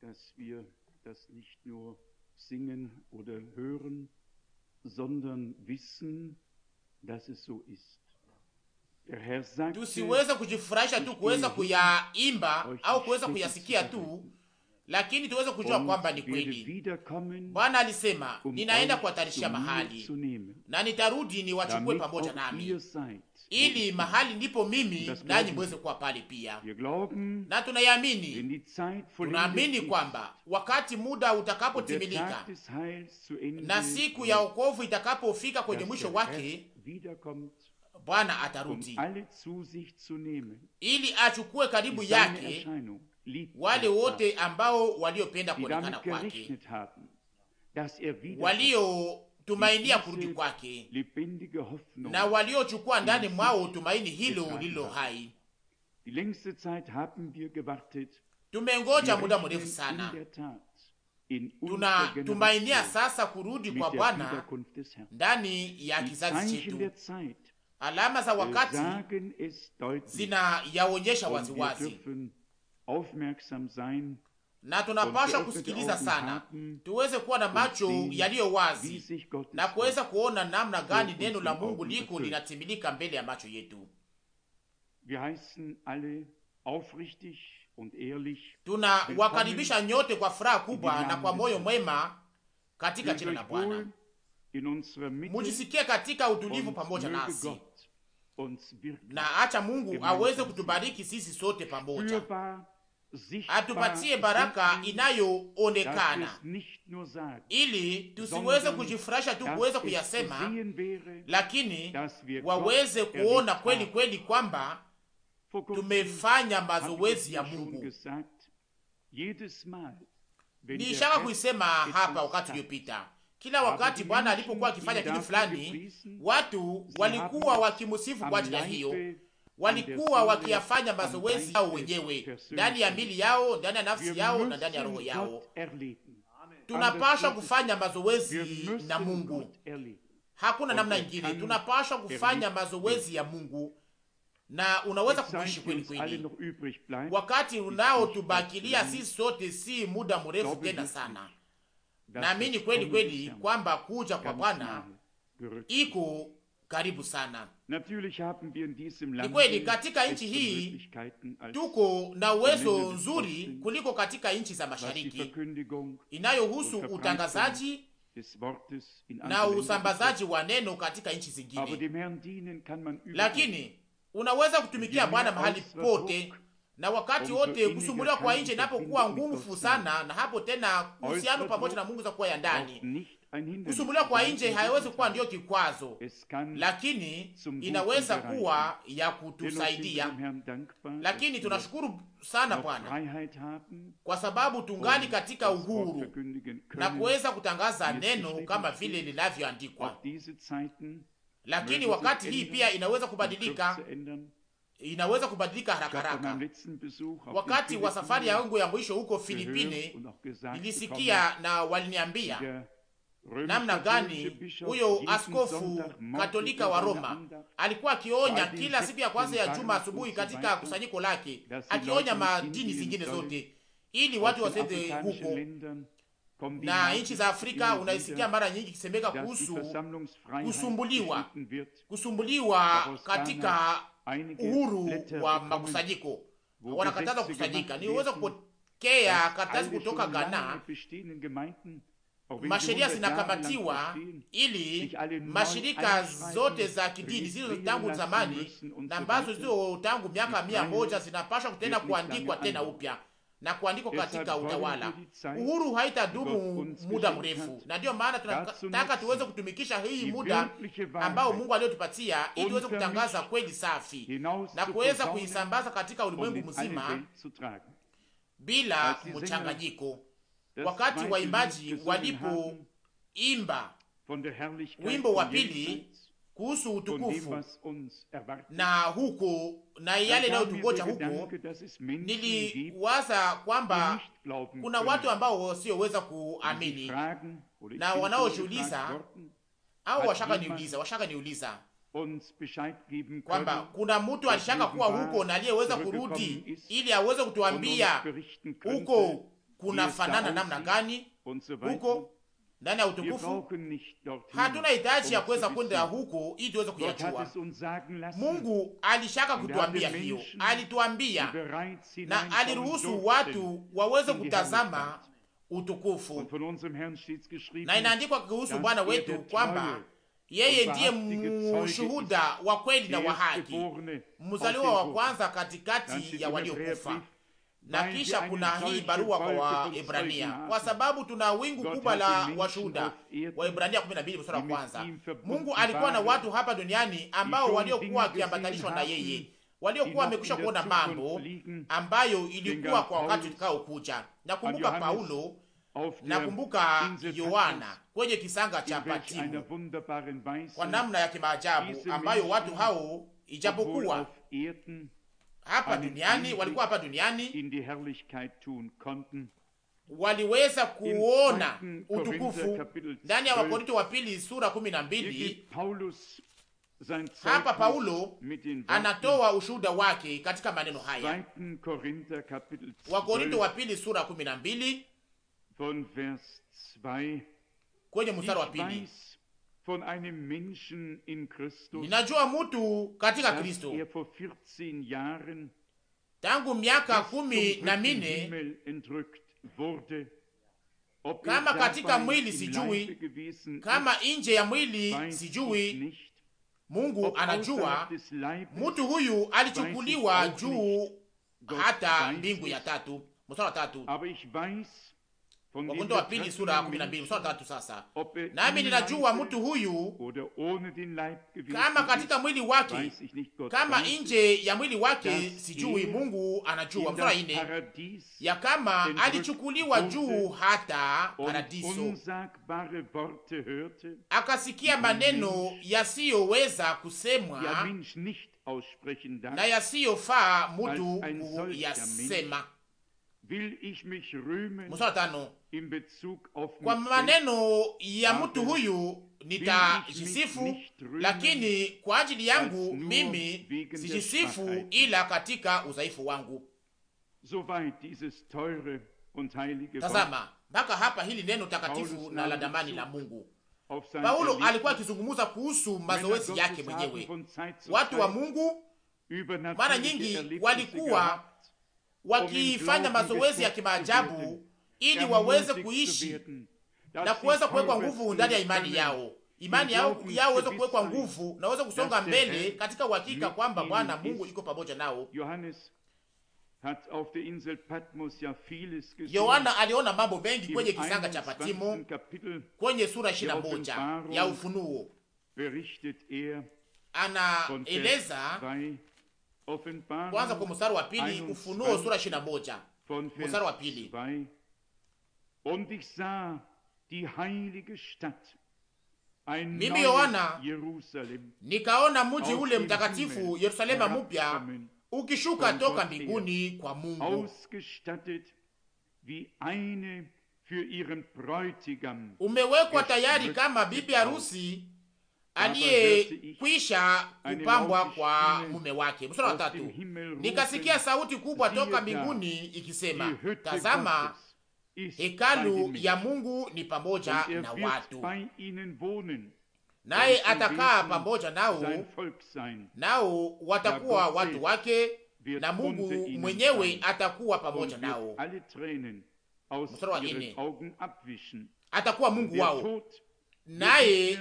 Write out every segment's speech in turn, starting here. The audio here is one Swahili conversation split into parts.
dass wir das nicht nur singen oder hören, sondern wissen, dass es so ist. Der Herr sagt, tusiweze kujifurahisha tu kuweza kuyaimba au kuweza kuyasikia tu, lakini tuweze kujua kwamba ni kweli. Bwana alisema, um ninaenda kuwatarishia mahali na nitarudi niwachukue pamoja nami, ili mahali ndipo mimi nanyi mweze kuwa pale pia. Na tunayamini, tunaamini kwamba wakati muda utakapotimilika na siku ya wokovu itakapofika kwenye mwisho wake, Bwana um atarudi ili achukue karibu yake wale wote ambao waliopenda kuonekana kwake, er waliotumainia kurudi kwake na waliochukua ndani mwao tumaini hilo lililo hai. Tumengoja muda mrefu sana, tunatumainia sasa kurudi kwa Bwana ndani ya kizazi chetu. Alama za wakati zinayaonyesha waziwazi wazi na um tunapasha kusikiliza sana, tuweze kuwa na macho yaliyo wazi na kuweza kuona namna gani neno la Mungu liko linatimilika mbele ya macho yetu. Tunawakaribisha nyote kwa furaha kubwa na kwa moyo mwema katika jina la Bwana. Mujisikie katika utulivu pamoja nasi na acha Mungu aweze kutubariki sisi sote pamoja atupatie baraka inayoonekana, ili tusiweze kujifurahisha tu kuweza kuyasema, lakini waweze kuona kweli kweli kwamba tumefanya mazoezi ya Mungu. niishaka kuisema hapa wakati uliopita. Kila wakati Bwana alipokuwa akifanya kitu fulani, watu walikuwa wakimusifu kwa ajili ya hiyo walikuwa wakiyafanya mazoezi yao wenyewe ndani ya mili yao, ndani ya nafsi yao na ndani ya roho yao. tunapashwa kufanya mazoezi na Mungu, hakuna namna ingine. tunapashwa kufanya mazoezi ya Mungu na unaweza kuishi kweli kweli. Wakati unaotubakilia sisi sote si muda mrefu tena sana. Naamini kweli kweli kwamba kuja kwa Bwana iko karibu sana. Ni kweli katika nchi hii tuko na uwezo nzuri kuliko katika nchi za mashariki inayohusu utangazaji na usambazaji wa neno katika nchi zingine, lakini unaweza kutumikia Bwana mahali pote na wakati wote. Kusumbuliwa kwa nje inapokuwa nguvu sana, na hapo tena uhusiano pamoja na Mungu za kuwa ya ndani Kusumbuliwa kwa nje haiwezi kuwa ndiyo kikwazo, lakini inaweza kuwa ya kutusaidia. Lakini tunashukuru sana Bwana kwa sababu tungali oh, katika uhuru na kuweza kutangaza neno kama vile linavyoandikwa. Lakini wakati hii pia inaweza kubadilika inaweza kubadilika haraka haraka. Wakati wa safari yangu ya mwisho huko Filipine nilisikia na waliniambia namna gani huyo askofu Katolika wa Roma alikuwa akionya kila siku ya kwanza ya juma asubuhi katika kusanyiko lake, akionya madini zingine zote ili watu wasende huko na nchi za Afrika unaisikia mara nyingi kisemeka kuhusu kusumbuliwa, kusumbuliwa katika uhuru wa makusanyiko. Wanakataza kukusanyika. Niweza kupokea katazi kutoka Ghana masheria zinakamatiwa ili mashirika zote za kidini zilizo tangu zamani na ambazo zio tangu miaka mia moja zinapaswa kutenda kuandikwa tena upya na kuandikwa katika utawala. Uhuru haitadumu muda mrefu, na ndiyo maana tunataka tuweze kutumikisha hii muda ambao Mungu aliyotupatia ili tuweze kutangaza kweli safi na kuweza kuisambaza katika ulimwengu mzima bila mchanganyiko wakati waimbaji walipoimba wimbo wa pili kuhusu utukufu na huko na yale nayotungoja huko, niliwaza kwamba kuna watu ambao wasioweza kuamini na wanaoshuhuliza au washaka niuliza, washaka niuliza kwamba kuna mtu alishaka kuwa huko na aliyeweza kurudi ili aweze kutuambia huko kunafanana namna gani huko ndani ya utukufu. Hatuna hitaji um ya kuweza kwenda huko ili tuweze kuyajua. Mungu alishaka kutuambia hiyo, alituambia na aliruhusu watu waweze kutazama utukufu, na inaandikwa kuhusu Bwana er wetu kwamba yeye ndiye mshuhuda wa kweli na wa haki, mzaliwa wa kwanza katikati ya waliokufa na kisha kuna hii barua kwa Waebrania kwa sababu tuna wingu kubwa la washuhuda. Waebrania 12 mstari wa kwanza. Mungu alikuwa na watu hapa duniani ambao waliokuwa wakiambatanishwa na yeye, waliokuwa wamekwisha kuona mambo ambayo ilikuwa kwa wakati utakaokuja. Nakumbuka Paulo, nakumbuka Yohana kwenye kisanga cha Patimo, kwa namna ya kimaajabu ambayo watu hao ijapokuwa hapa duniani, walikuwa hapa duniani, waliweza kuona utukufu. Ndani ya Wakorinto wa pili sura kumi na mbili hapa Paulo anatoa ushuhuda wake katika maneno haya, Wakorinto wa pili sura kumi na mbili kwenye mstari wa pili. Ninajua mutu katika Kristo er tangu miaka kumi na mine er kama katika mwili sijui, kama nje ya mwili sijui, Mungu anajua. Mutu huyu alichukuliwa juu hata mbingu ya tatu. Mstari wa tatu Wakorintho wa pili sura ya kumi na mbili mstari tatu. Sasa nami ninajua mtu huyu kama katika mwili wake kama nje ya mwili wake sijui, Mungu anajua. Mstari ine ya kama alichukuliwa juu hata paradiso, akasikia maneno yasiyoweza kusemwa na yasiyofaa mutu kuyasema. Kwa maneno ya mtu huyu nitajisifu, lakini kwa ajili yangu mimi sijisifu ila katika udhaifu wangu. Tazama mpaka hapa, hili neno takatifu na la damani la Mungu. Paulo alikuwa akizungumza kuhusu mazoezi yake mwenyewe. Watu wa Mungu mara nyingi walikuwa wakiifanya mazoezi ya kimaajabu ili yaani waweze kuishi na kuweza kuwekwa nguvu ndani ya imani yao, imani yao yao weze kuwekwa nguvu na waweze kusonga mbele katika uhakika kwamba Bwana Mungu iko pamoja nao. Yohana aliona mambo mengi kwenye kisanga cha Patimo. Kwenye sura ishirini na moja ya Ufunuo er anaeleza kwanza kwa mstari wa pili, Ufunuo sura 21 mstari wa pili. Und ich sah die heilige Stadt, Mimi Yohana nikaona mji ule mtakatifu Yerusalema mupya ukishuka toka mbinguni kwa Mungu, umewekwa er tayari kama bibi harusi aliyekwisha kupambwa kwa mume wake. Mstari wa tatu, nikasikia sauti kubwa toka mbinguni ikisema, tazama hekalu ya Mungu ni pamoja na watu, naye atakaa pamoja nao, nao watakuwa watu wake, na Mungu mwenyewe atakuwa pamoja nao. Mstari wa nne, atakuwa Mungu wao naye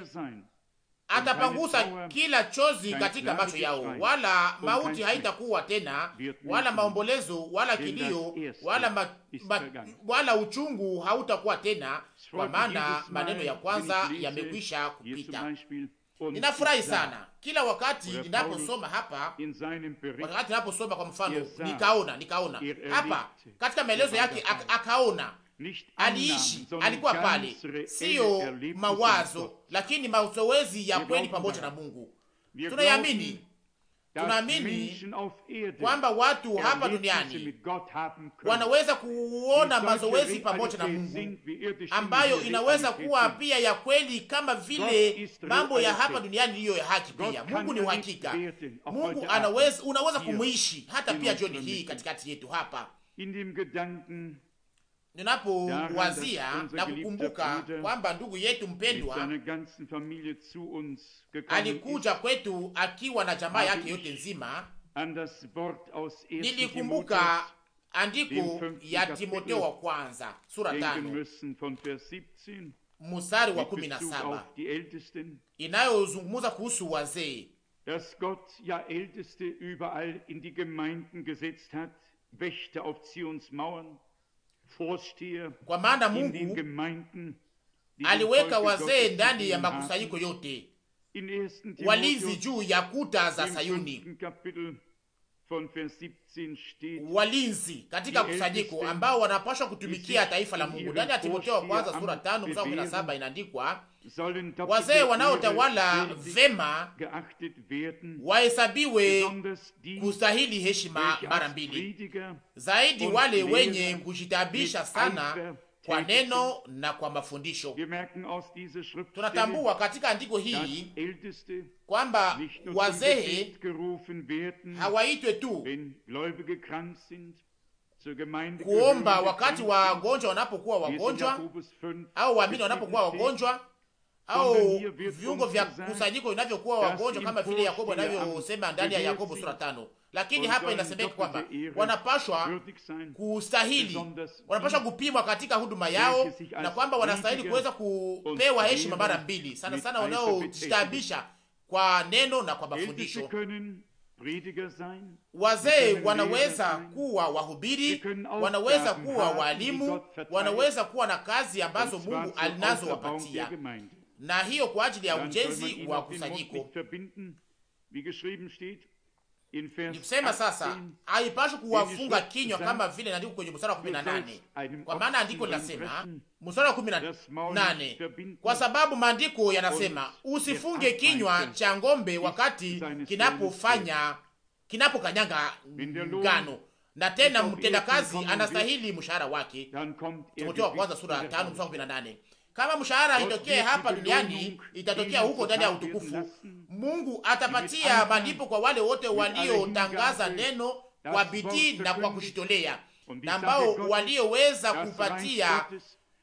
atapangusa kila chozi katika macho yao, wala mauti haitakuwa tena, wala maombolezo wala kilio wala, ma, ma, wala uchungu hautakuwa tena, kwa maana maneno ya kwanza yamekwisha kupita. Ninafurahi sana kila wakati ninaposoma hapa, wakati ninaposoma kwa mfano, nikaona nikaona hapa katika maelezo yake akaona aliishi, alikuwa pale, siyo mawazo, lakini mazoezi ya kweli pamoja na Mungu. Tunayamini, tunaamini kwamba watu hapa duniani wanaweza kuona mazoezi pamoja na Mungu ambayo inaweza kuwa pia ya kweli kama vile mambo ya hapa duniani iliyo ya haki. Pia Mungu ni uhakika, Mungu anaweza, unaweza kumwishi hata pia jioni hii katikati yetu hapa ninapowazia na kukumbuka kwamba ndugu yetu mpendwa alikuja kwetu akiwa na jamaa yake yote nzima, nilikumbuka andiko ya Timoteo wa kwanza sura tano mstari wa kumi na saba inayozungumza kuhusu wazee dass Gott ja Älteste überall in die Gemeinden gesetzt hat, Wächter auf Zions Mauern kwa maana Mungu aliweka wazee ndani ya makusanyiko yote, walinzi juu ya kuta za Sayuni walinzi katika kusanyiko ambao wanapashwa kutumikia taifa la Mungu. Ndani ya Timotheo wa kwanza sura tano mstari na saba inaandikwa, wazee wanaotawala vema wahesabiwe kustahili heshima mara mbili zaidi, wale wenye kujitabisha sana kwa neno na kwa mafundisho. Tunatambua katika andiko hii kwamba wazee hawaitwe tu kuomba wakati wagonjwa wanapokuwa wagonjwa au waamini wanapokuwa wagonjwa au viungo vya kusanyiko vinavyokuwa wagonjwa kama vile Yakobo anavyosema ndani ya Yakobo sura tano lakini hapa inasemeka kwamba wanapashwa kustahili, wanapashwa kupimwa katika huduma yao, na kwamba wanastahili kuweza kupewa heshima mara mbili, sana sana wanaostabisha kwa neno na kwa mafundisho. Wazee wanaweza kuwa wahubiri, wanaweza kuwa walimu, wanaweza kuwa na kazi ambazo Mungu alinazowapatia, na hiyo kwa ajili ya ujenzi wa kusanyiko nikusema sasa haipashi kuwafunga kinywa kama vile naandiko kwenye mstari wa 18, kwa maana andiko linasema mstari wa 18, kwa sababu maandiko yanasema usifunge kinywa cha ng'ombe wakati kinapofanya kinapokanyanga ngano, na tena mtendakazi anastahili mshahara wake. Timotheo wa kwanza sura ya 5 mstari wa kama mshahara haitokee hapa duniani, itatokea huko ndani ya utukufu. Mungu atapatia malipo kwa wale wote waliotangaza neno kwa bidii na kwa kushitolea, na ambao walioweza kupatia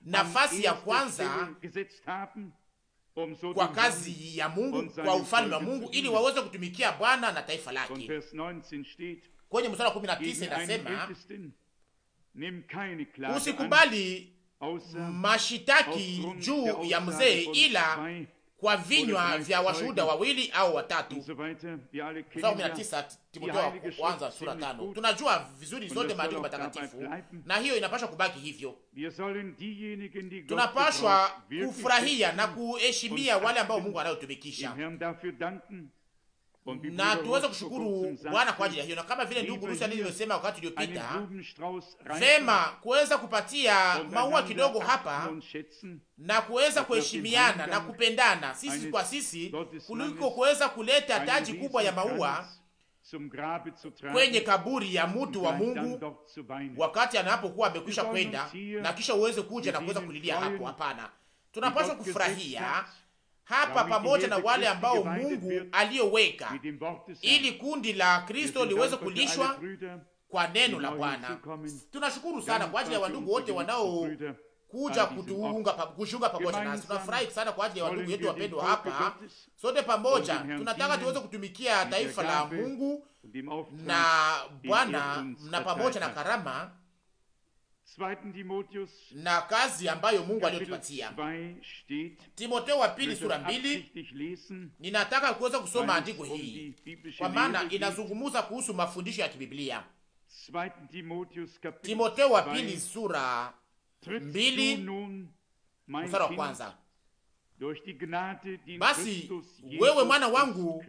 nafasi ya kwanza kwa kazi ya Mungu, kwa ufalme wa Mungu, ili waweze kutumikia Bwana na taifa lake. Kwenye mstari wa 19 inasema, usikubali mashitaki juu ya mzee ila kwa vinywa vya washuhuda wawili au watatu. Tunajua vizuri zote maandiko matakatifu, na hiyo inapashwa kubaki hivyo. Tunapashwa kufurahia na kuheshimia wale ambao Mungu anayotumikisha na tuweze kushukuru Bwana kwa ajili ya hiyo, na kama vile ndugu Rusi alivyosema wakati uliopita, vema kuweza kupatia maua kidogo hapa na kuweza kuheshimiana na kupendana sisi kwa sisi kuliko kuweza kuleta taji kubwa ya maua kwenye kaburi ya mtu wa Mungu wakati anapokuwa amekwisha kwenda, na kisha uweze kuja na kuweza kulilia hapo. Hapana, tunapaswa kufurahia hapa pamoja na wale ambao Mungu aliyoweka ili kundi la Kristo liweze kulishwa kwa neno la Bwana. Tunashukuru sana kwa ajili ya wandugu wote wanao kuja kutuunga pa, kushunga pamoja nasi. Tunafurahi sana kwa ajili ya wandugu yetu wapendwa hapa. Sote pamoja tunataka tuweze kutumikia taifa la Mungu na Bwana na pamoja na karama na kazi ambayo Mungu aliyotupatia. Timoteo wa pili sura mbili, ninataka kuweza kusoma andiko um hii kwa maana inazungumuza kuhusu mafundisho ya kibiblia. Timoteo wa pili sura mbili mstari wa kwanza, basi wewe mwana wangu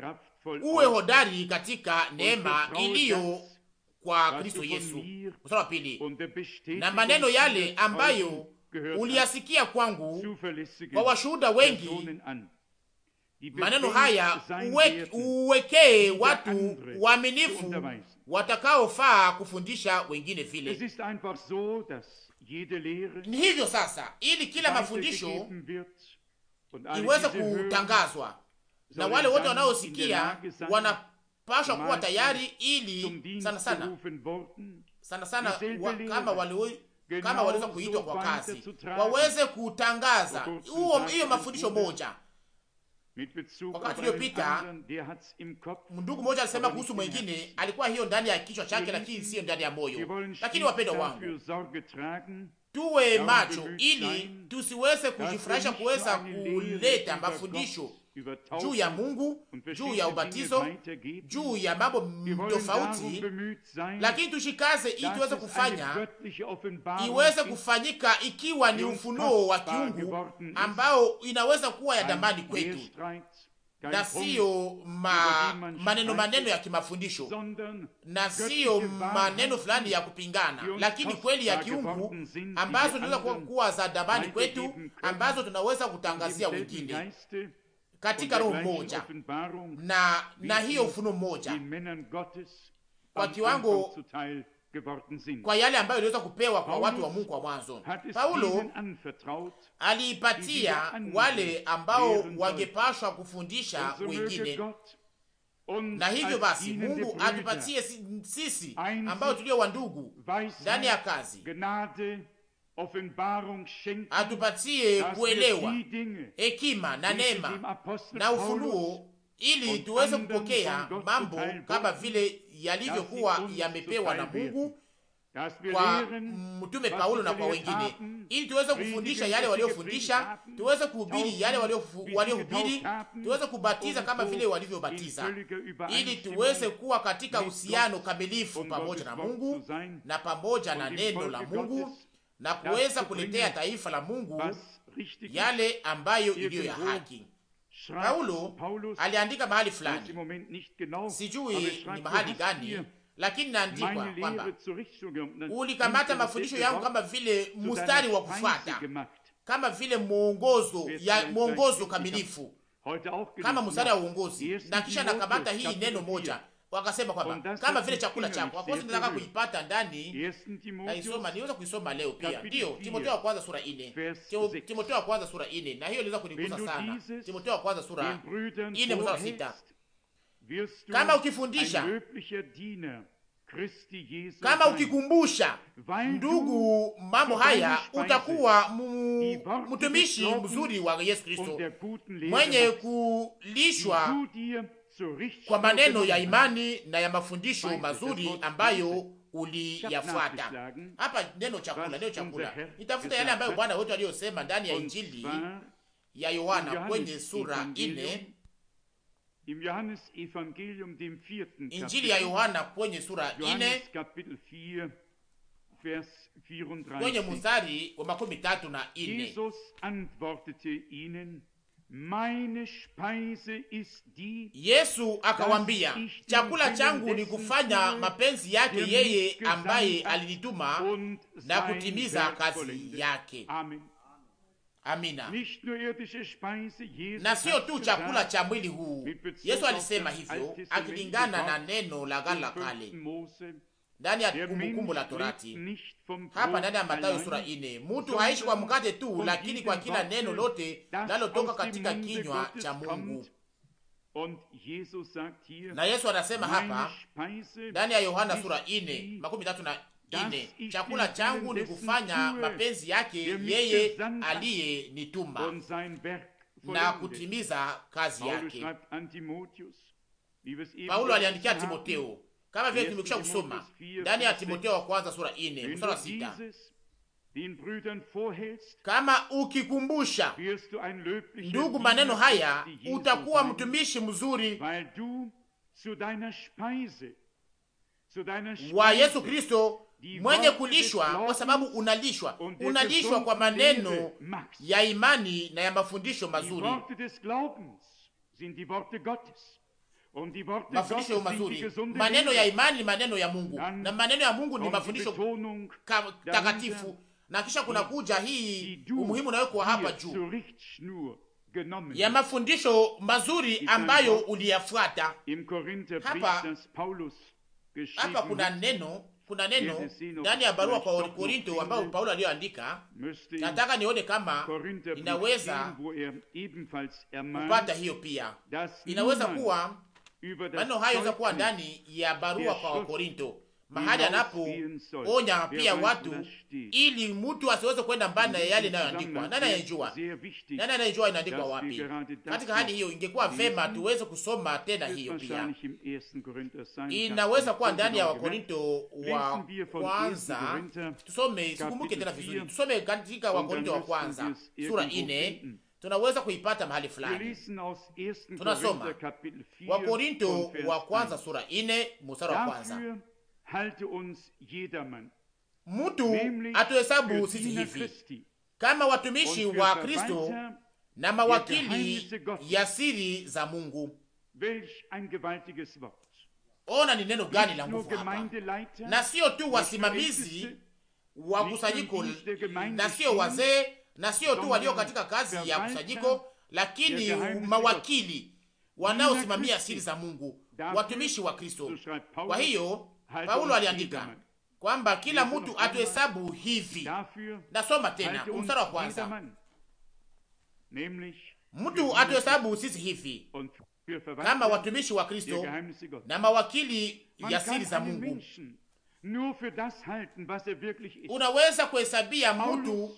uwe hodari katika neema iliyo kwa Kristo Yesu. Mstari wa pili, na maneno yale ambayo uliyasikia kwangu kwa washuhuda wengi, maneno haya uweke, uwekee watu waaminifu watakaofaa kufundisha wengine vile. Ni hivyo sasa, ili kila mafundisho iweze kutangazwa na wale wote wanaosikia wana pasha kuwa tayari ili sana sana sana sana wa, kama wali kama waliweza kuitwa kwa kazi waweze kutangaza huo hiyo mafundisho moja. Wakati uliopita ndugu mmoja alisema kuhusu mwingine, alikuwa hiyo ndani ya kichwa chake, lakini siyo ndani ya moyo. Lakini wapendwa wangu, tuwe macho ili tusiweze kujifurahisha kuweza kuleta mafundisho juu ya Mungu, juu ya ubatizo, er juu ya mambo tofauti, lakini tushikaze ili tuweze kufanya iweze kufanyika ikiwa ni ufunuo wa kiungu ambao inaweza kuwa ya damani kwetu na siyo ma, maneno maneno ya kimafundisho na siyo maneno fulani ya kupingana, lakini kweli ya kiungu ambazo tunaweza kuwa za dambani kwetu ambazo tunaweza kutangazia wengine katika roho moja na, na hiyo ufunuo mmoja kwa kiwango kwa yale ambayo iliweza kupewa kwa watu wa Mungu wa mwanzo. Paulo aliipatia wale ambao wangepashwa kufundisha wengine, na hivyo basi Mungu atupatie sisi ambao tulio wandugu ndani ya kazi atupatie kuelewa hekima na neema na ufunuo, ili tuweze kupokea mambo kama vile yalivyokuwa yamepewa na Mungu kwa mtume Paulo na kwa wengine, ili tuweze kufundisha yale waliofundisha, tuweze kuhubiri yale waliohubiri, tuweze kubatiza um kama vile walivyobatiza, ili tuweze kuwa katika uhusiano kamilifu pamoja na Mungu na pamoja na neno la Mungu na kuweza kuletea taifa la Mungu yale ambayo iliyo ya haki. Paulo aliandika mahali fulani, sijui ni mahali gani, lakini naandikwa kwamba ulikamata mafundisho yangu kama vile mustari wa kufuata, kama vile mwongozo ya mwongozo kamilifu, kama mustari wa uongozi, na kisha nakamata hii neno moja wakasema kwamba kama vile chakula chako akosi, nataka kuipata ndani. na isoma niweza kuisoma leo pia, ndio Timotheo wa kwanza sura ine, Timotheo wa kwanza sura ine, na hiyo iliweza kunigusa sana. Timotheo wa kwanza sura ine mstari wa sita kama ukifundisha kama ukikumbusha ndugu mambo haya, utakuwa mtumishi mzuri wa Yesu Kristo mwenye kulishwa kwa maneno ya imani na ya mafundisho mazuri ambayo uliyafuata. Hapa neno chakula, neno chakula, nitafuta yale ambayo Bwana wetu aliyosema ndani ya Injili ya Yohana kwenye sura ine Injili ya Yohana kwenye sura ine kwenye mstari wa makumi tatu na ine Yesu akawambia, chakula changu ni kufanya mapenzi yake yeye ambaye alinituma na kutimiza kazi yake. Amen. Amina. Na sio tu chakula cha mwili huu. Yesu alisema hivyo akilingana na neno la gala kale ndani ya kumbukumbu la Torati. Hapa ndani ya Mathayo sura ine, mutu haishi kwa mkate tu, lakini kwa kila neno lote linalotoka katika kinywa cha Mungu. Na Yesu anasema hapa ndani ya Yohana sura ine makumi tatu na ine, chakula changu ni kufanya mapenzi yake yeye aliye nituma na kutimiza kazi yake. Paulo aliandikia Timoteo kama vile tumekwisha kusoma ndani ya Timotheo wa kwanza sura ine mstari wa sita kama ukikumbusha ndugu maneno haya, utakuwa mtumishi mzuri wa Yesu Kristo mwenye kulishwa, kwa sababu unalishwa, unalishwa kwa maneno ya imani na ya mafundisho mazuri mafundisho mazuri. Maneno ya imani ni maneno ya Mungu, na maneno ya Mungu ni mafundisho takatifu. Na kisha kuna kuja hii umuhimu unawekwa hapa juu ya mafundisho mazuri ambayo uliyafuata hapa. Hapa kuna neno kuna neno ndani ya barua kwa Korinto ambayo Paulo aliyoandika. Nataka nione kama inaweza er kupata hiyo pia, inaweza kuwa Maneno hayo za kuwa ndani ya barua kwa Wakorinto, mahali anapo onya pia watu ili mtu asiweze kwenda mbali na yale inayoandikwa. Nani anayejua? Nani anayejua inaandikwa wapi? Katika hali hiyo, ingekuwa vema tuweze kusoma tena hiyo pia. Inaweza kuwa ndani ya Wakorinto wa kwanza, tusome, sikumbuke tena vizuri, tusome katika Wakorinto wa kwanza sura ine tunaweza kuipata mahali fulani. Tunasoma Wakorinto wa kwanza sura ine mstari wa kwanza mtu atuhesabu sisi hivi kama watumishi wa Kristo na mawakili ya siri za Mungu. Ona ni neno gani la nguvu hapa, na sio tu wasimamizi wa kusanyiko, na sio wazee na sio tu walio katika kazi ya kusajiko, lakini mawakili wanaosimamia siri za Mungu, watumishi wa Kristo. Kwa hiyo Paulo aliandika kwamba kila mtu atuhesabu hivi. Nasoma tena mstari wa kwanza, mtu atuhesabu sisi hivi kama watumishi wa Kristo na mawakili ya siri za Mungu. Er Unaweza kuhesabia mtu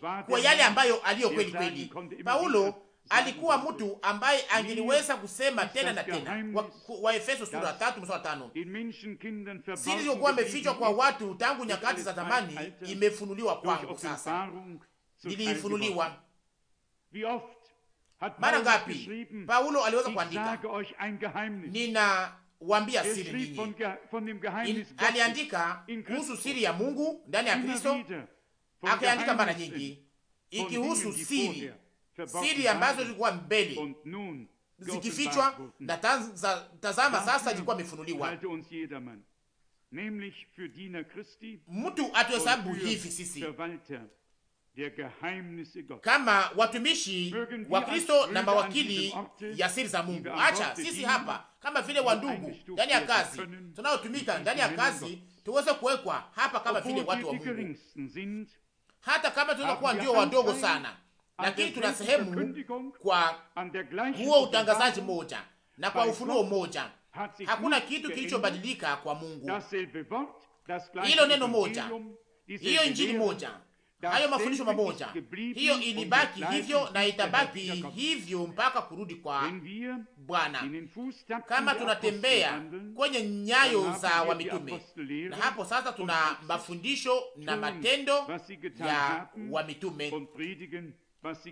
kwa, kwa yale ambayo aliyo kweli kweli. Paulo alikuwa mtu ambaye angeliweza kusema tena na tena wa, wa Efeso sura 3 mstari 5, siri iliyokuwa imefichwa kwa watu tangu nyakati za zamani imefunuliwa kwangu sasa, iliifunuliwa Mara ngapi Paulo aliweza kuandika, nina wambia er siri ninyi, aliandika kuhusu siri ya Mungu ndani ya Kristo akiandika mara nyingi ikihusu siri, siri ambazo zilikuwa mbele zikifichwa, na tazama sasa ilikuwa amefunuliwa. Mtu atuhesabu hivi sisi kama watumishi wa Kristo na mawakili ya siri za Mungu. Acha sisi hapa kama vile wandugu ndani ya kazi tunayotumika ndani ya kazi tuweze kuwekwa hapa kama vile watu wa Mungu hata kama kuwa ndio wadogo sana, lakini tuna sehemu kwa huo utangazaji moja na kwa ufunuo moja. Hakuna kitu kilichobadilika kwa Mungu, hilo neno moja, hiyo injili moja hayo mafundisho mamoja, hiyo ilibaki hivyo na itabaki hivyo mpaka kurudi kwa Bwana, kama tunatembea kwenye nyayo za wamitume. Na hapo sasa tuna mafundisho na matendo ya wamitume,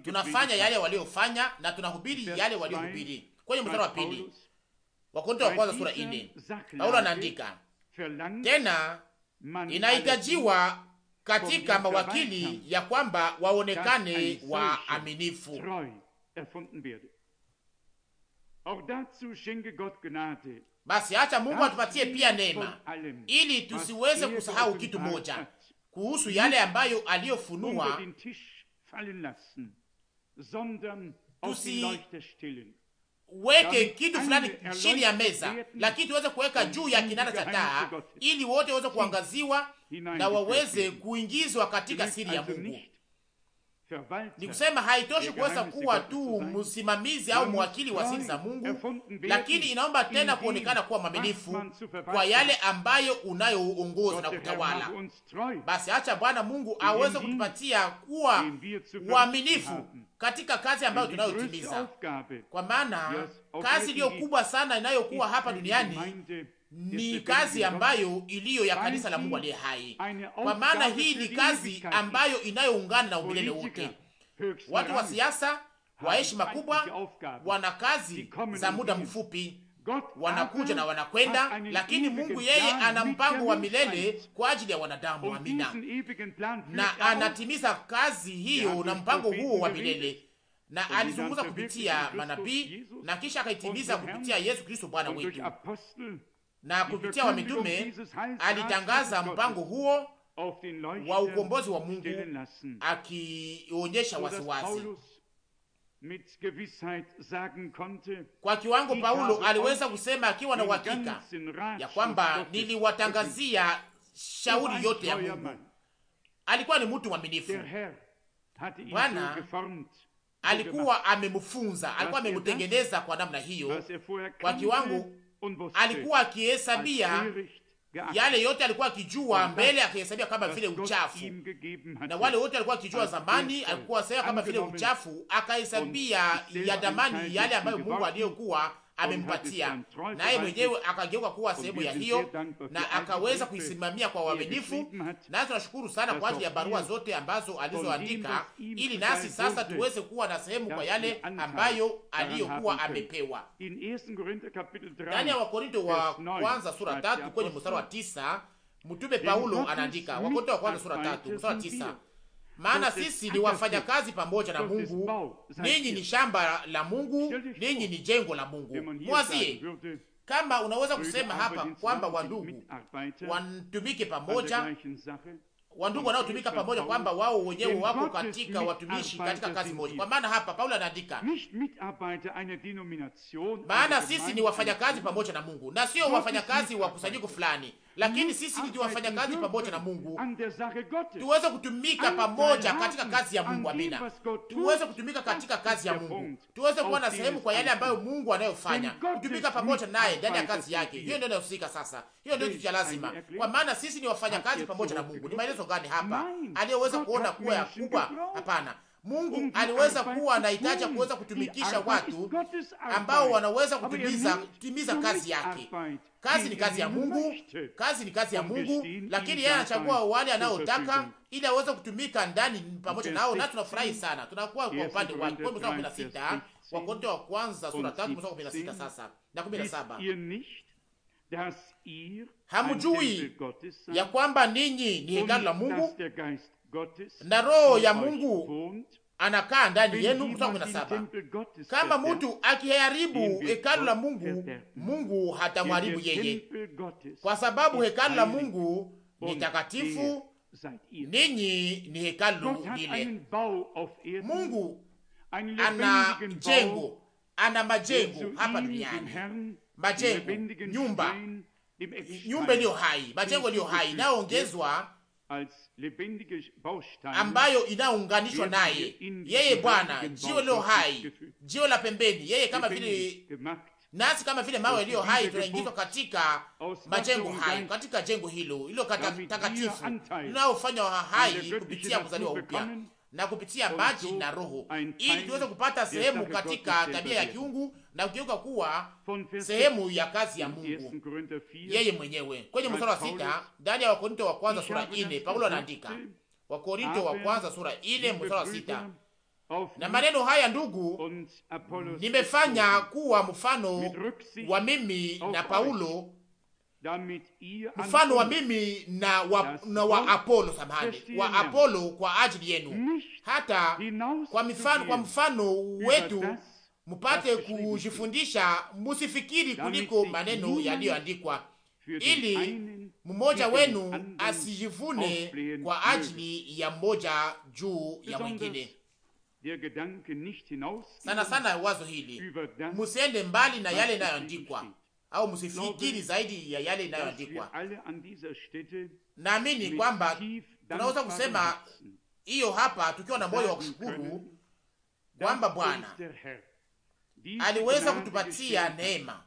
tunafanya yale waliofanya na tunahubiri yale waliohubiri. Kwenye mstari wa pili Wakorintho wa kwanza sura ine Paulo anaandika tena, inahitajiwa katika mawakili ya kwamba waonekane waaminifu. Basi acha Mungu atupatie pia neema ili tusiweze er kusahau kitu moja kuhusu yale ambayo aliyofunua, tusiweke kitu fulani chini ya meza, lakini tuweze kuweka juu ya kinara cha taa ili wote waweze kuangaziwa na waweze kuingizwa katika siri ya Mungu. Ni kusema haitoshi kuweza kuwa tu msimamizi au mwakili wa siri za Mungu, lakini inaomba tena kuonekana kuwa mwaminifu kwa yale ambayo unayoongoza na kutawala. Basi acha Bwana Mungu aweze kutupatia kuwa waaminifu katika kazi ambayo tunayotimiza, kwa maana kazi iliyo kubwa sana inayokuwa hapa duniani ni kazi ambayo iliyo ya kanisa la Mungu aliye hai, kwa maana hii ni kazi ambayo inayoungana na umilele wote. Watu wa siasa wa heshima kubwa wana kazi za muda mfupi, wanakuja na wanakwenda, lakini Mungu yeye ana mpango wa milele kwa ajili ya wanadamu. Amina, na anatimiza kazi hiyo na mpango huo wa milele na alizungumza kupitia manabii na kisha akaitimiza kupitia Yesu Kristo Bwana wetu na kupitia wa mitume alitangaza mpango huo wa ukombozi wa Mungu akionyesha wasiwasi kwa kiwango. Paulo aliweza kusema akiwa na uhakika ya kwamba niliwatangazia shauri yote ya Mungu. Alikuwa ni mtu mwaminifu. Bwana alikuwa amemfunza, alikuwa er amemtengeneza kwa namna hiyo, er kwa kiwango alikuwa akihesabia yale yote alikuwa akijua mbele, akihesabia kama vile uchafu, na wale wote alikuwa akijua zamani alikuwa sema kama vile uchafu, akahesabia ya damani yale ambayo Mungu aliyokuwa amempatia, naye mwenyewe akageuka kuwa sehemu ya hiyo na akaweza kuisimamia kwa uaminifu. Nasi tunashukuru sana kwa ajili ya barua zote ambazo alizoandika, ili nasi sasa tuweze kuwa na sehemu kwa yale ambayo aliyokuwa amepewa. Ndani ya Wakorinto wa kwanza sura tatu kwenye mstari wa tisa mtume Paulo anaandika, Wakorinto wa kwanza sura tatu mstari wa tisa maana sisi ni wafanya kazi pamoja na Mungu. Ninyi ni shamba la Mungu, ninyi ni jengo la Mungu. Mwazie kama unaweza kusema hapa kwamba wandugu wanatumike pamoja wandugu wanaotumika pamoja, kwamba wao wenyewe wako katika watumishi katika kazi moja. Kwa maana hapa Paulo anaandika, maana sisi ni wafanyakazi pamoja na Mungu na sio wafanyakazi wa kusanyiko fulani, lakini sisi ni wafanyakazi pamoja na Mungu, tuweze kutumika pamoja katika kazi ya Mungu. Amina, tuweze kutumika katika kazi ya Mungu, tuweze kuwa na sehemu kwa yale ambayo Mungu anayofanya, kutumika pamoja naye ndani ya kazi yake. Hiyo ndio inahusika sasa, hiyo ndio kitu cha lazima, kwa maana sisi ni wafanyakazi er pamoja na Mungu. Ni maelezo uwezo gani hapa aliyeweza kuona kuwa ya kubwa? Hapana, Mungu aliweza kuwa anahitaji kuweza kutumikisha watu ambao wanaweza kutimiza timiza kazi yake. Kazi ni kazi ya Mungu, kazi ni kazi ya Mungu, lakini yeye anachagua wale anaotaka ili aweze kutumika ndani pamoja nao, na tunafurahi sana. Tunakuwa kwa upande wa Wakorintho wa kwanza sura 3 mstari wa 16 sasa na 17 hamjui ya kwamba ninyi ni hekalu la Mungu na roho ya Mungu anakaa ndani yenu. saba, kama mtu akiharibu hekalu la Mungu, Mungu hatamharibu yeye, kwa sababu hekalu la Mungu ni takatifu, er ninyi ni hekalu lile. Mungu ana jengo, ana majengo hapa duniani majengo, nyumba, nyumba iliyo hai, majengo iliyo hai inayoongezwa ambayo inaunganishwa naye. Yeye Bwana jiwe lilo hai, jiwe la pembeni, yeye kama vile nasi kama vile mawe yaliyo hai, tunaingizwa katika majengo hayo, katika jengo hilo ilo takatifu linalofanywa hai kupitia kuzaliwa upya na kupitia maji na Roho, ili tuweze kupata sehemu katika tabia ya kiungu na kugeuka kuwa sehemu ya kazi ya Mungu yeye mwenyewe. Kwenye mstari wa sita ndani ya Wakorinto wa kwanza sura ine Paulo anaandika Wakorinto wa kwanza sura ine mstari wa sita na maneno haya ndugu, nimefanya kuwa mfano wa mimi na Paulo, mfano wa mimi na wa, na wa Apolo, samahani, wa Apolo kwa ajili yenu, hata kwa mfano, kwa mfano wetu mupate kujifundisha, musifikiri kuliko maneno yaliyoandikwa, ili mmoja wenu asijivune kwa ajili ya mmoja juu ya mwingine. Sana sana wazo hili, musiende mbali na yale inayoandikwa au msifikiri zaidi ya yale inayoandikwa. Naamini kwamba tunaweza kusema hiyo hapa tukiwa na moyo wa kushukuru kwamba Bwana aliweza kutupatia neema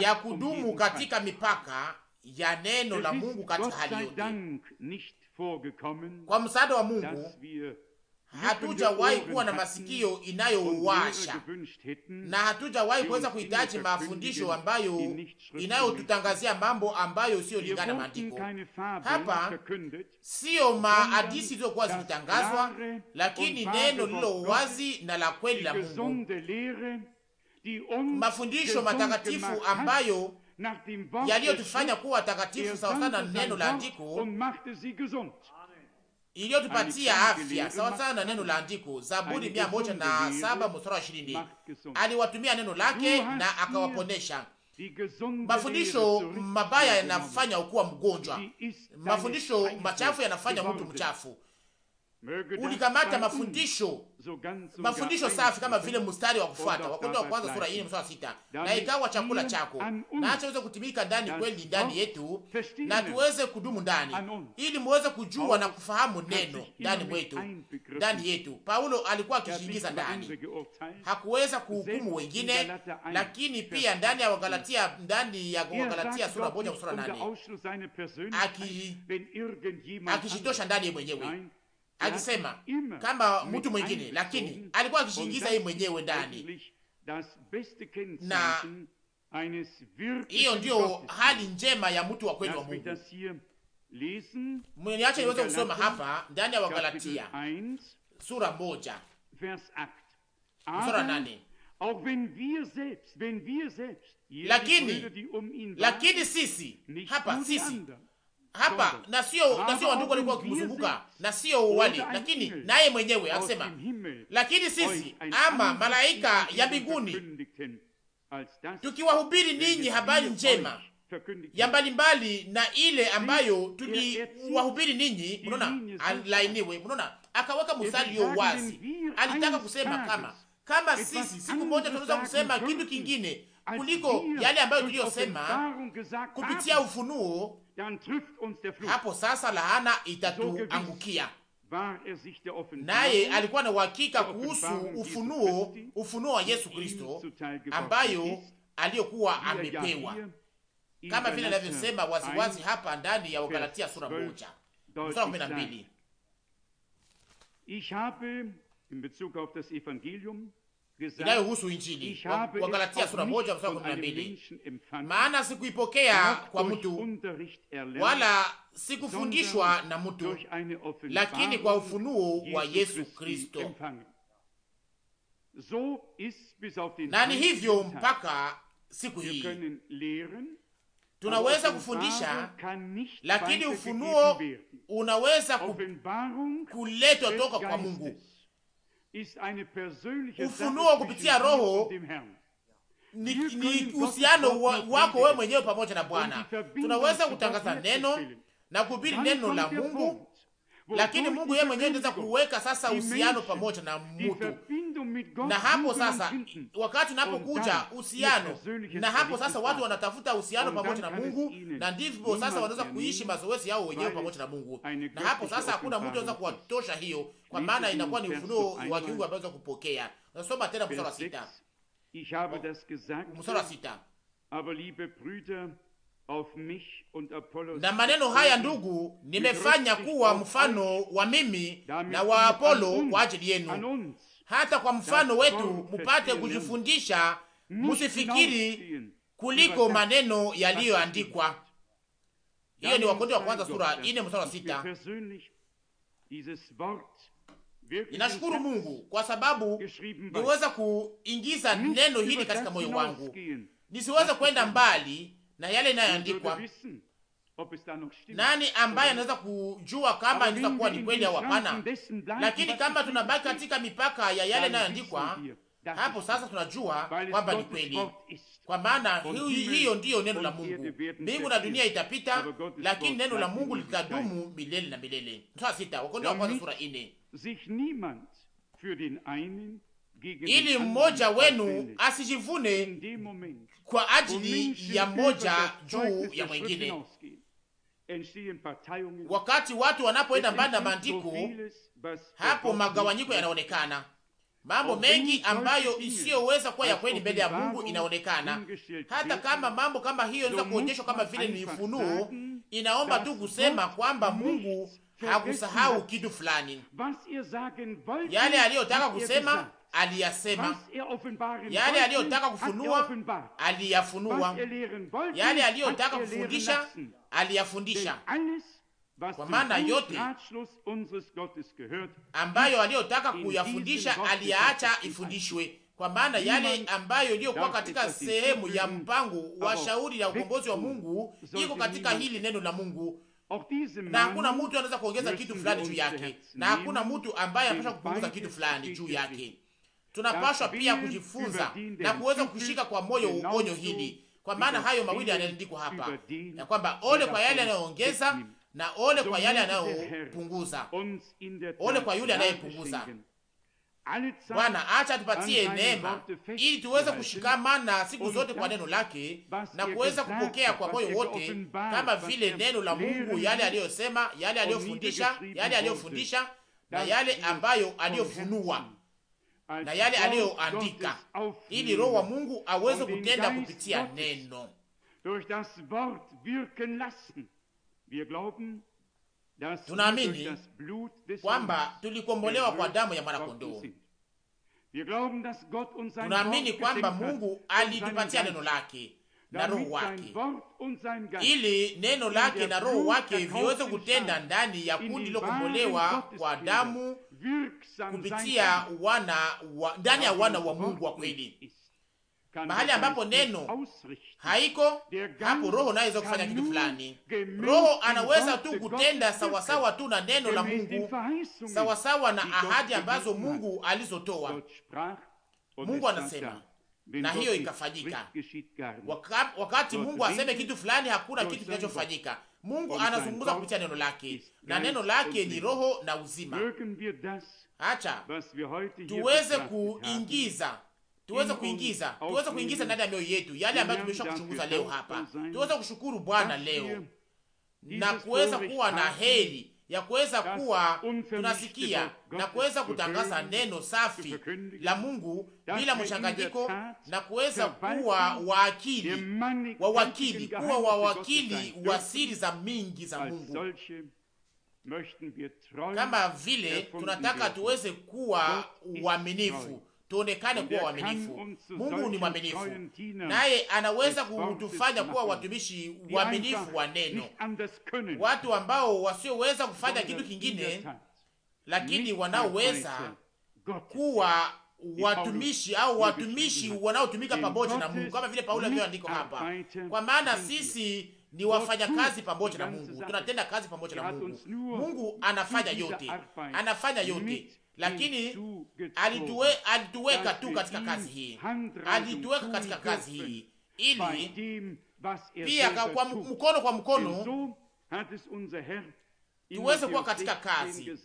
ya um kudumu katika mipaka ya neno la Mungu katika hali yote. Kwa msaada wa Mungu hatujawahi kuwa na masikio inayowasha na hatujawahi kuweza kuhitaji mafundisho ambayo inayotutangazia mambo ambayo siyo lingana maandiko. Hapa siyo mahadisi ilizokuwa zikitangazwa, lakini neno lilo wazi na la kweli la Mungu, mafundisho matakatifu ambayo yaliyotufanya kuwa takatifu sawasawa er neno la andiko iliyotupatia afya sawa sana na neno la andiko Zaburi mia moja na saba mstari wa ishirini. Aliwatumia neno lake na akawaponesha. Mafundisho mabaya yanafanya ukuwa mgonjwa, mafundisho machafu yanafanya mtu mchafu, ulikamata mafundisho mafundisho safi kama vile mstari wa kufuata Wakorintho wa kwanza sura hii mstari wa sita na ikawa chakula chako, na weze kutimika ndani kweli ndani yetu, na tuweze kudumu ndani, ili muweze kujua na kufahamu neno ndani mwetu ndani yetu. Paulo alikuwa akishingiza ndani, hakuweza kuhukumu wengine, lakini pia ndani ya Wagalatia, ndani ya Wagalatia sura moja sura nane akishitosha ndani mwenyewe akisema kama mtu mwingine, lakini alikuwa akishingiza yeye mwenyewe ndani, na hiyo ndiyo hali njema ya mtu wa kweli wa Mungu. Mniache niweze kusoma hapa ndani ya Wagalatia sura moja sura nane. Lakini um lakini sisi hapa sisi hapa na sio na sio wandugu walikuwa wakimzunguka na sio wali, lakini naye mwenyewe akisema, eh, lakini sisi ama malaika ya mbinguni tukiwahubiri ninyi habari njema ya mbalimbali na ile ambayo tuliwahubiri ninyi. Mnaona, alainiwe. Mnaona, akaweka mstari yo wazi. Alitaka kusema kama kama sisi siku moja tunaweza kusema kitu kingine kuliko yale ambayo tuliyosema kupitia ufunuo hapo sasa laana itatuangukia. Er Naye alikuwa na uhakika kuhusu ufunuo, ufunuo wa Yesu Kristo ambayo aliyokuwa er amepewa, kama vile anavyosema waziwazi hapa ndani ya Wagalatia sura moja sura kumi na mbili inayohusu Injili, Galatia sura moja mstari kumi na mbili. Maana sikuipokea kwa mtu wala sikufundishwa na mtu, lakini kwa ufunuo wa Yesu Kristo. So na ni hivyo mpaka siku hii tunaweza kufundisha, lakini ufunuo unaweza kuletwa toka kwa Mungu ufunuo kupitia Roho ni, uhusiano wako wewe mwenyewe pamoja na Bwana. Tunaweza kutangaza neno na kuhubiri neno la Mungu, lakini Mungu yeye mwenyewe anaweza kuweka sasa uhusiano pamoja na mtu na hapo sasa, wakati unapokuja uhusiano, na hapo sasa watu wanatafuta uhusiano pamoja na Mungu, na ndivyo sasa wanaweza kuishi mazoezi yao wenyewe pamoja na Mungu, na hapo sasa hakuna mtu anaweza kuwatosha hiyo, kwa maana inakuwa ni ufunuo wa kiungu ambazo kupokea. Nasoma tena mstari wa sita, mstari wa sita. Na maneno haya ndugu, nimefanya kuwa mfano wa mimi na wa Apolo kwa ajili yenu, hata kwa mfano wetu, mupate kujifundisha, musifikiri kuliko maneno yaliyoandikwa. Hiyo ni yaani Wakorintho wa kwanza sura ine mstari wa sita. Ninashukuru Mungu kwa sababu niweza kuingiza neno hili katika moyo wangu, nisiweze kwenda mbali na yale inayoandikwa nani ambaye anaweza kujua kama inaweza kuwa ni kweli au hapana? Lakini kama tunabaki katika mipaka ya yale yanayoandikwa hapo, sasa tunajua kwamba ni kweli, kwa maana hiyo ndiyo neno la Mungu. Mbingu na dunia itapita, lakini neno la Mungu litadumu milele na milele. Sita, Wakorintho wa kwanza sura ine ili mmoja wenu asijivune kwa ajili ya mmoja juu ya mwengine, Wakati watu wanapoenda mbali na maandiko, hapo magawanyiko yanaonekana, mambo mengi ambayo isiyoweza kuwa ya kweli mbele ya Mungu inaonekana, hata kama mambo kama hiyo inaweza kuonyeshwa kama vile ni ufunuo. Inaomba tu kusema kwamba Mungu hakusahau kitu fulani. Yale aliyotaka kusema aliyasema, yale aliyotaka kufunua aliyafunua, yale aliyotaka kufundisha aliyafundisha, kwa maana yote ambayo aliyotaka kuyafundisha aliyaacha ifundishwe kwa maana yale ambayo iliyokuwa katika sehemu ya mpango wa shauri ya ukombozi wa Mungu iko katika hili neno la Mungu, na hakuna mtu anaweza kuongeza kitu fulani juu yake, na hakuna mtu ambaye anapaswa kupunguza kitu fulani juu yake. Tunapaswa pia kujifunza na kuweza kushika kwa moyo uonyo hili kwa maana hayo mawili yanaandikwa hapa, ya kwamba ole kwa yale yanayoongeza na ole kwa yale anayopunguza, ole kwa yule anayepunguza. Bwana, acha tupatie neema ili tuweze kushikamana siku zote kwa neno lake na kuweza kupokea kwa moyo wote, kama vile neno la Mungu, yale aliyosema, yale aliyofundisha, yale aliyofundisha na yale ambayo aliyofunua na yale aliyoandika, ili Roho wa Mungu aweze kutenda kupitia neno. Tunaamini kwamba tulikombolewa kwa damu ya mwanakondoo. Tunaamini kwamba Mungu alitupatia neno lake na roho wake, ili neno lake na roho wake viweze kutenda ndani ya kundi lilokombolewa kwa damu kupitia wana wa, ndani ya wana wa Mungu wa kweli. Mahali ambapo neno haiko hapo, roho naweza kufanya kitu fulani. Roho anaweza tu kutenda sawasawa tu na neno la Mungu, sawasawa na ahadi ambazo Mungu alizotoa. Mungu anasema na hiyo ikafanyika. wakati Mungu aseme kitu fulani, hakuna kitu kinachofanyika. Mungu anazungumza kupitia neno lake, na neno lake ni roho na uzima. Acha tuweze kuingiza tuweze kuingiza tuweze kuingiza ndani ya mioyo yetu yale ambayo tumesha kuchunguza leo hapa, tuweze kushukuru Bwana leo na kuweza kuwa na heri ya kuweza kuwa tunasikia na kuweza kutangaza neno safi la Mungu bila mchanganyiko, na kuweza kuwa waakili wawakili, kuwa wawakili wa siri za mingi za Mungu, kama vile tunataka tuweze kuwa uaminifu tuonekane kuwa waaminifu. Mungu ni mwaminifu, naye anaweza kutufanya kuwa watumishi waaminifu wa neno, watu ambao wasioweza kufanya kitu kingine, lakini wanaoweza kuwa watumishi au watumishi wanaotumika pamoja na Mungu, kama vile Paulo alivyoandika hapa, kwa maana sisi ni wafanyakazi pamoja na Mungu, tunatenda kazi pamoja na Mungu. Mungu anafanya yote, anafanya yote lakini alituweka tu katika kazi hii, alituweka katika kazi hii ili pia kwa mkono kwa mkono tuweze kuwa katika kazi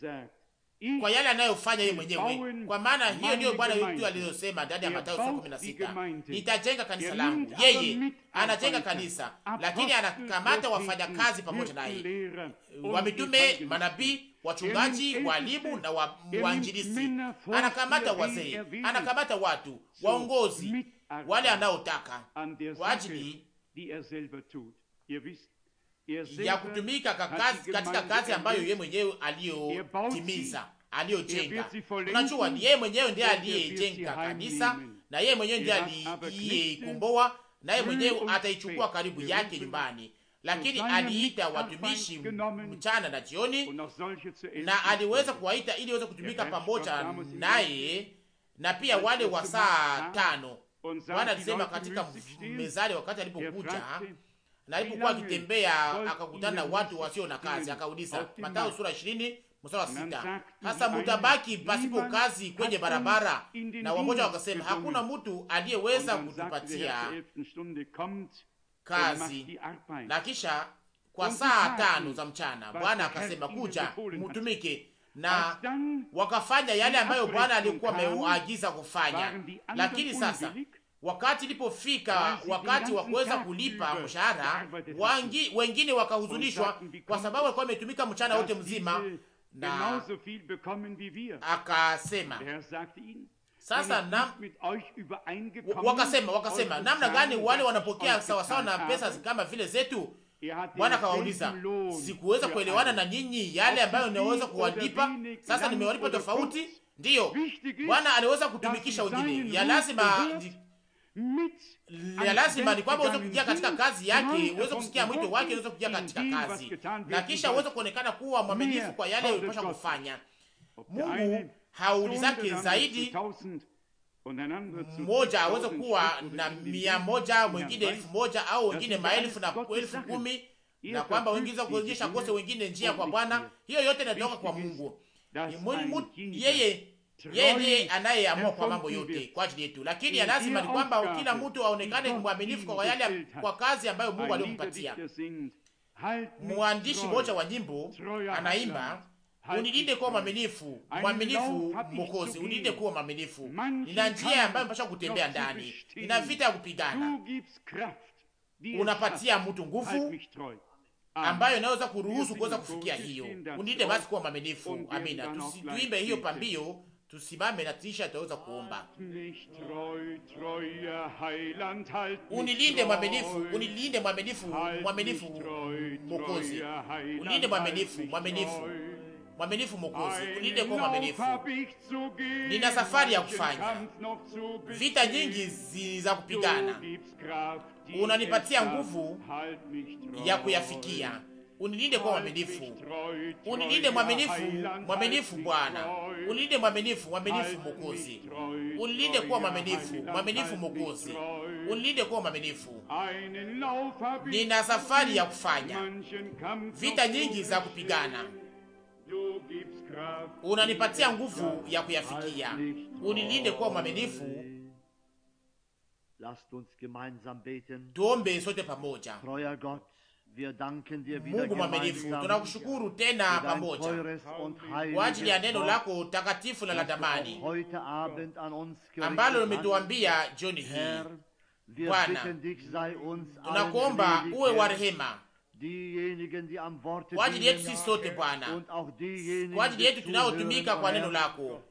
kwa yale anayofanya yeye mwenyewe, kwa maana hiyo ndiyo Bwana wetu aliyosema ndani ya Mathayo 16, na nitajenga kanisa langu. Yeye anajenga kanisa, lakini anakamata wafanyakazi pamoja naye, wamitume, manabii, wachungaji, walimu na wainjilisi. Anakamata wazee, anakamata watu waongozi, wale anaotaka kwa ajili ya kutumika kakazi, katika kazi ambayo yeye mwenyewe aliyotimiza aliyojenga. Unajua, ni yeye mwenyewe ndiye aliyejenga kanisa na yeye mwenyewe ndiye aliyeikomboa na yeye mwenyewe ataichukua karibu yake nyumbani, lakini aliita watumishi mchana na jioni, na aliweza kuwaita ili waweze kutumika pamoja naye na pia wale wa saa tano. Bwana alisema katika mezali wakati alipokuja na alipokuwa akitembea akakutana watu wasio na kazi, akauliza, Mathayo sura 20 mstari wa sita, hasa mutabaki pasipo kazi kwenye barabara? Na wamoja wakasema hakuna mtu aliyeweza kutupatia kazi. Na kisha kwa saa tano za mchana Bwana akasema, kuja mutumike na wakafanya yale ambayo Bwana alikuwa ameagiza kufanya. Lakini sasa Wakati ilipofika wakati wa kuweza kulipa mshahara, wengine wakahuzunishwa kwa sababu alikuwa ametumika mchana wote mzima, na akasema sasa na, wakasema wakasema namna gani wale wanapokea sawasawa na pesa kama vile zetu. Bwana akawauliza, sikuweza kuelewana na nyinyi yale ambayo naweza kuwalipa, sasa nimewalipa tofauti. Ndiyo, Bwana aliweza kutumikisha wengine, ya lazima ya lazima ni kwamba uweze kuingia katika kazi yake, uweze kusikia mwito wake, uweze kuingia katika kazi na kisha uweze kuonekana kuwa mwaminifu kwa yale ulipasha kufanya. Mungu haulizake zaidi mmoja aweze kuwa na mia moja, mwengine elfu moja au wengine maelfu na elfu kumi, na kwamba wengine kuonyesha kose wengine njia kwa Bwana. Hiyo yote inatoka kwa Mungu. Mungu yeye yeye ndiye anayeamua kwa mambo yote kwa ajili yetu, lakini ya lazima ni kwamba kila mtu aonekane mwaminifu kwa yale, kwa kazi ambayo Mungu aliyompatia. Mwandishi mmoja wa nyimbo anaimba Unilinde kuwa mwaminifu, mwaminifu Mwokozi, unilinde kuwa mwaminifu. Nina njia ambayo mpasha kutembea ndani, nina vita ya kupigana. Unapatia mtu nguvu ambayo inaweza kuruhusu kuweza kufikia hiyo. Unilinde basi kuwa mwaminifu. Amina, tuimbe hiyo pambio tusimame na tisha tutaweza kuomba. Unilinde mwaminifu, unilinde mwaminifu, mwaminifu Mwokozi, unilinde mwaminifu, mwaminifu mwaminifu Mwokozi, unilinde kwa mwaminifu. Nina safari ya kufanya, vita nyingi za kupigana, unanipatia nguvu ya kuyafikia unilinde kwa mwaminifu, unilinde mwaminifu, mwaminifu Bwana, unilinde mwaminifu, mwaminifu Mwokozi, unilinde kwa mwaminifu, mwaminifu Mwokozi, unilinde kwa mwaminifu. Nina safari ya kufanya, vita nyingi za kupigana, unanipatia nguvu ya kuyafikia. Unilinde kwa mwaminifu. Lasst uns gemeinsam Tuombe sote pamoja. Mungu mwaminifu, tunakushukuru tena pamoja kwa ajili ya neno lako takatifu na la damani ambalo umetuambia jioni hii. Bwana, tunakuomba uwe wa rehema kwa ajili yetu sisi sote Bwana, kwa ajili yetu tunaotumika kwa neno lako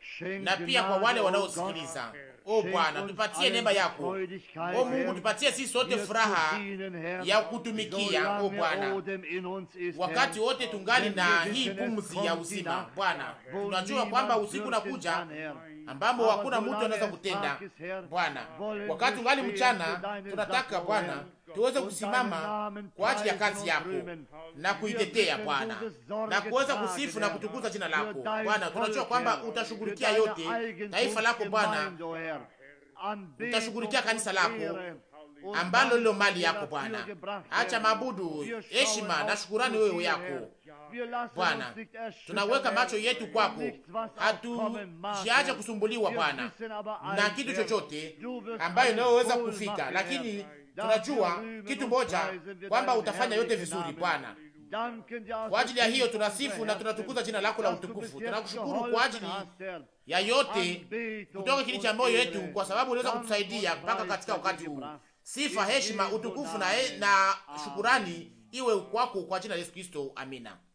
na pia kwa wale wanaosikiliza O oh, Bwana, tupatie neema yako. O oh, Mungu, tupatie sisi sote furaha ya kutumikia. O oh, Bwana, wakati wote tungali na hii pumzi ya uzima. Bwana, tunajua kwamba usiku unakuja ambamo hakuna mtu anaweza kutenda. Bwana, wakati ungali mchana, tunataka Bwana tuweze kusimama kwa ajili ya kazi yako na kuitetea Bwana na kuweza kusifu na kutukuza jina lako Bwana. Tunajua kwamba utashughulikia yote taifa lako Bwana, utashughulikia kanisa lako ambalo lilo mali yako Bwana. Acha mabudu heshima na shukurani wewe yako Bwana, tunaweka macho yetu kwako, hatujiacha kusumbuliwa Bwana na kitu chochote ambayo inayoweza kufika, lakini tunajua kitu moja kwamba utafanya yote vizuri Bwana. Kwa ajili ya hiyo tunasifu na tunatukuza jina lako la utukufu. Tunakushukuru kwa ajili ya yote kutoka kile cha moyo wetu, kwa sababu unaweza kutusaidia mpaka katika wakati huu. Sifa, heshima, utukufu na, eh, na shukurani iwe kwako kwa jina la Yesu Kristo, amina.